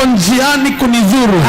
uko njiani kunidhuru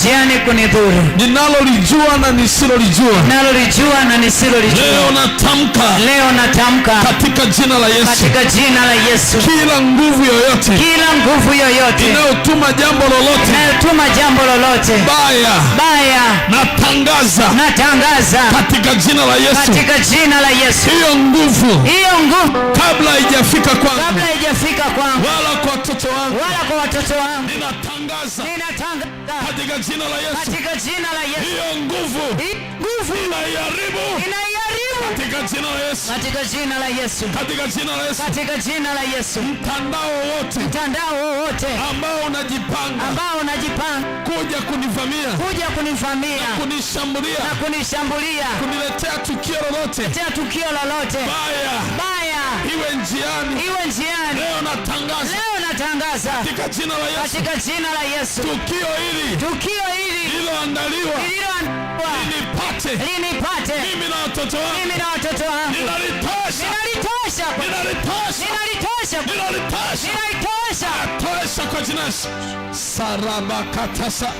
njiani kunidhuru, ninalolijua na nisilolijua, ninalolijua na nisilolijua, leo natamka, leo natamka katika jina la Yesu, katika jina la Yesu, kila nguvu yoyote, kila nguvu yoyote inayotuma jambo lolote, inayotuma jambo lolote baya, baya, natangaza, natangaza katika jina la Yesu, katika jina la Yesu, hiyo nguvu, hiyo nguvu, kabla haijafika kwangu, kabla haijafika kwangu, wala kwa watoto wangu, wala kwa watoto wangu, ninatangaza, ninatangaza katika jina la Yesu, katika jina la Yesu, hiyo nguvu nguvu inaiharibu, inaiharibu katika jina la Yesu, katika jina la Yesu, katika jina la Yesu, katika jina la Yesu. Mtandao wote, mtandao wote ambao unajipanga, ambao unajipanga kuja kunivamia, kuja kunivamia na kunishambulia, na kunishambulia, kuniletea tukio lolote, letea tukio lolote baya, baya, iwe njiani, iwe njiani, leo natangaza tunatangaza katika jina la Yesu, katika jina la Yesu, tukio hili, tukio hili lililoandaliwa, lililoandaliwa linipate, linipate mimi na watoto wangu, mimi na watoto wangu, ninalitosha ninalitosha ninalitosha ninalitosha ninalitosha ninalitosha ninalitosha kwa jina la saraba katasa.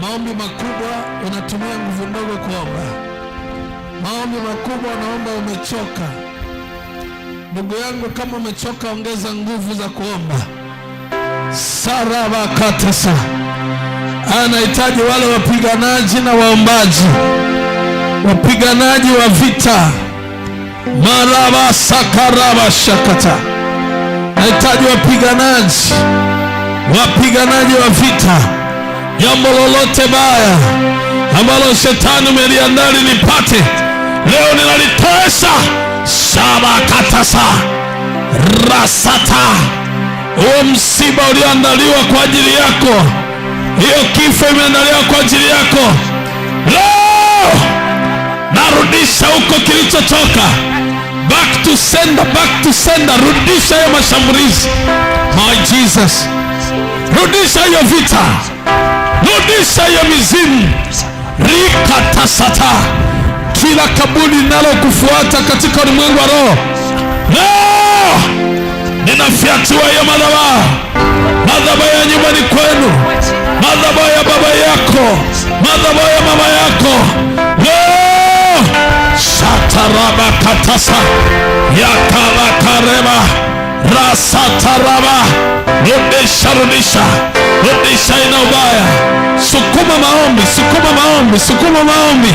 Maombi makubwa unatumia nguvu ndogo kuomba. Maombi makubwa unaomba umechoka. Ndugu yangu, kama umechoka, ongeza nguvu za kuomba. katasa anahitaji wale wapiganaji na waombaji, wapiganaji wa vita. Maraba sakaraba shakata, nahitaji wapiganaji, wapiganaji wa vita. Jambo lolote baya ambalo shetani umeliandaa nipate leo, ninalitesa sabakatasa rasata. Huo msiba ulioandaliwa kwa ajili yako, hiyo kifo imeandaliwa kwa ajili yako, leo narudisha huko kilichotoka, back to sender, back to sender. Rudisha hiyo mashambulizi, my Jesus, rudisha hiyo vita, rudisha hiyo mizimu rikatasata kila kaburi linalokufuata katika ulimwengu wa roho no! ninafyatua hiyo madhabahu, madhabahu ya nyumbani kwenu, madhabahu ya baba yako, madhabahu ya mama yako no! shataraba katasa yakalakareba rasataraba rudisha, rudisha, rudisha, ina ubaya. Sukuma maombi, sukuma maombi, sukuma maombi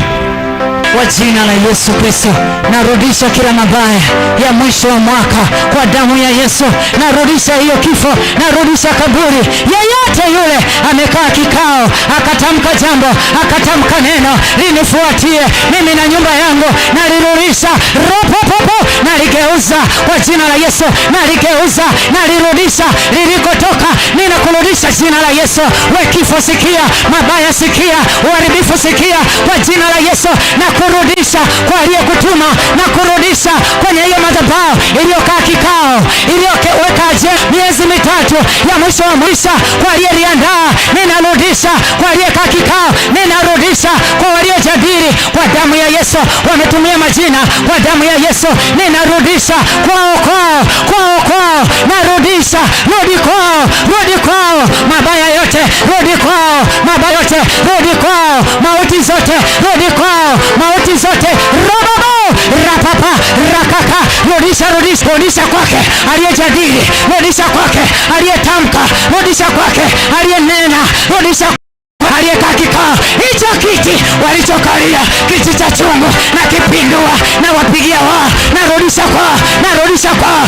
kwa jina la Yesu Kristo. Narudisha kila mabaya ya mwisho wa mwaka kwa damu ya Yesu. Narudisha hiyo kifo, narudisha kaburi. Yeyote yule amekaa kikao akatamka jambo akatamka neno linifuatie mimi na nyumba yangu, nalirudisha ropopopo, naligeuza kwa jina la Yesu, naligeuza, nalirudisha lilikotoka. Ninakurudisha jina la Yesu. We kifo sikia, mabaya sikia, uharibifu sikia, kwa jina la Yesu na kurudisha kwa aliyekutuma na kurudisha kwenye hiyo madhabahu iliyokaa kikao iliyoweka aje miezi mitatu ya mwisho wa mwisho kwa aliyeliandaa, ninarudisha kwa aliyekaa kikao, ninarudisha kwa waliojadili kwa damu ya Yesu, wametumia majina kwa damu ya Yesu, ninarudisha kwao kwao kwao kwao, narudisha. Rudi kwao, rudi kwao, mabaya yote rudi kwao mashaka yote rudi kwao, mauti zote rudi kwao, mauti zote rababo rapapa rakaka, rudisha rudisha, rudisha kwake aliyejadili, rudisha kwake aliyetamka, rudisha kwake aliyenena, rudisha aliyekaa kikao hicho kiti walichokalia, kiti cha chungu, na kipindua na wapigia waa, narudisha kwao, narudisha kwao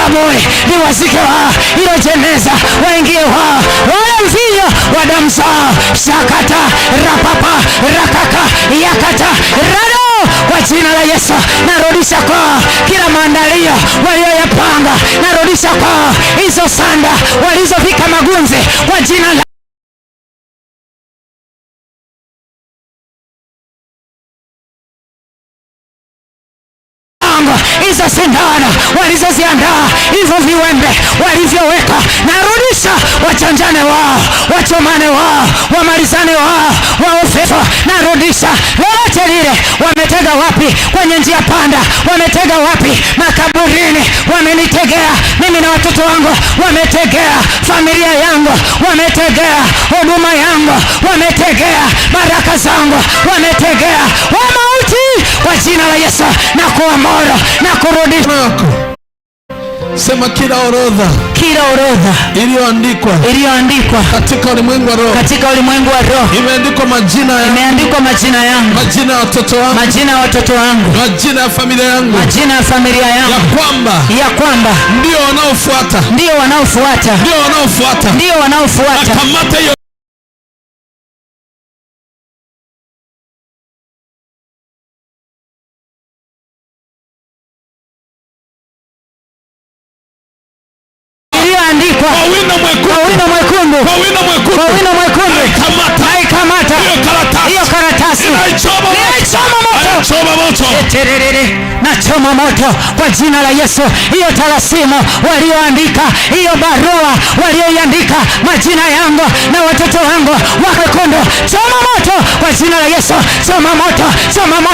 kamwe liwazike wa ilo jeneza waingie wa wale mvinyo wa damu zao. Shakata rapapa rakaka yakata rado kwa jina la Yesu narudisha kwa kila maandalio waliyoyapanga narudisha kwa hizo sanda walizovika magunzi kwa jina la hizo sindano walizoziandaa hivyo viwembe walivyoweka, narudisha wachanjane wao, wachomane wao, wamalizane wao, waofefa, narudisha lolote lile. Wametega wapi? Kwenye njia panda, wametega wapi? Makaburini wamenitegea mimi na watoto wangu, wametegea familia yangu, wametegea huduma yangu, wametegea baraka zangu, wametegea wama utii kwa jina la Yesu na kuamuru na kurudisha Sema kila orodha, kila orodha iliyoandikwa, iliyoandikwa katika ulimwengu wa roho, katika ulimwengu wa roho, imeandikwa majina yangu, imeandikwa majina yangu, majina ya watoto wangu, majina ya watoto wangu, majina ya familia yangu, majina ya familia yangu, ya kwamba, ya kwamba ndio wanaofuata, ndio wanaofuata, ndio wanaofuata, ndio wanaofuata. Nakamata hiyo hiyo karatasi nachoma moto moto kwa jina la Yesu. Hiyo tarasimu walioandika, hiyo barua walioiandika majina yangu na watoto wangu wakekundu choma moto kwa jina la Yesu, choma moto, choma moto.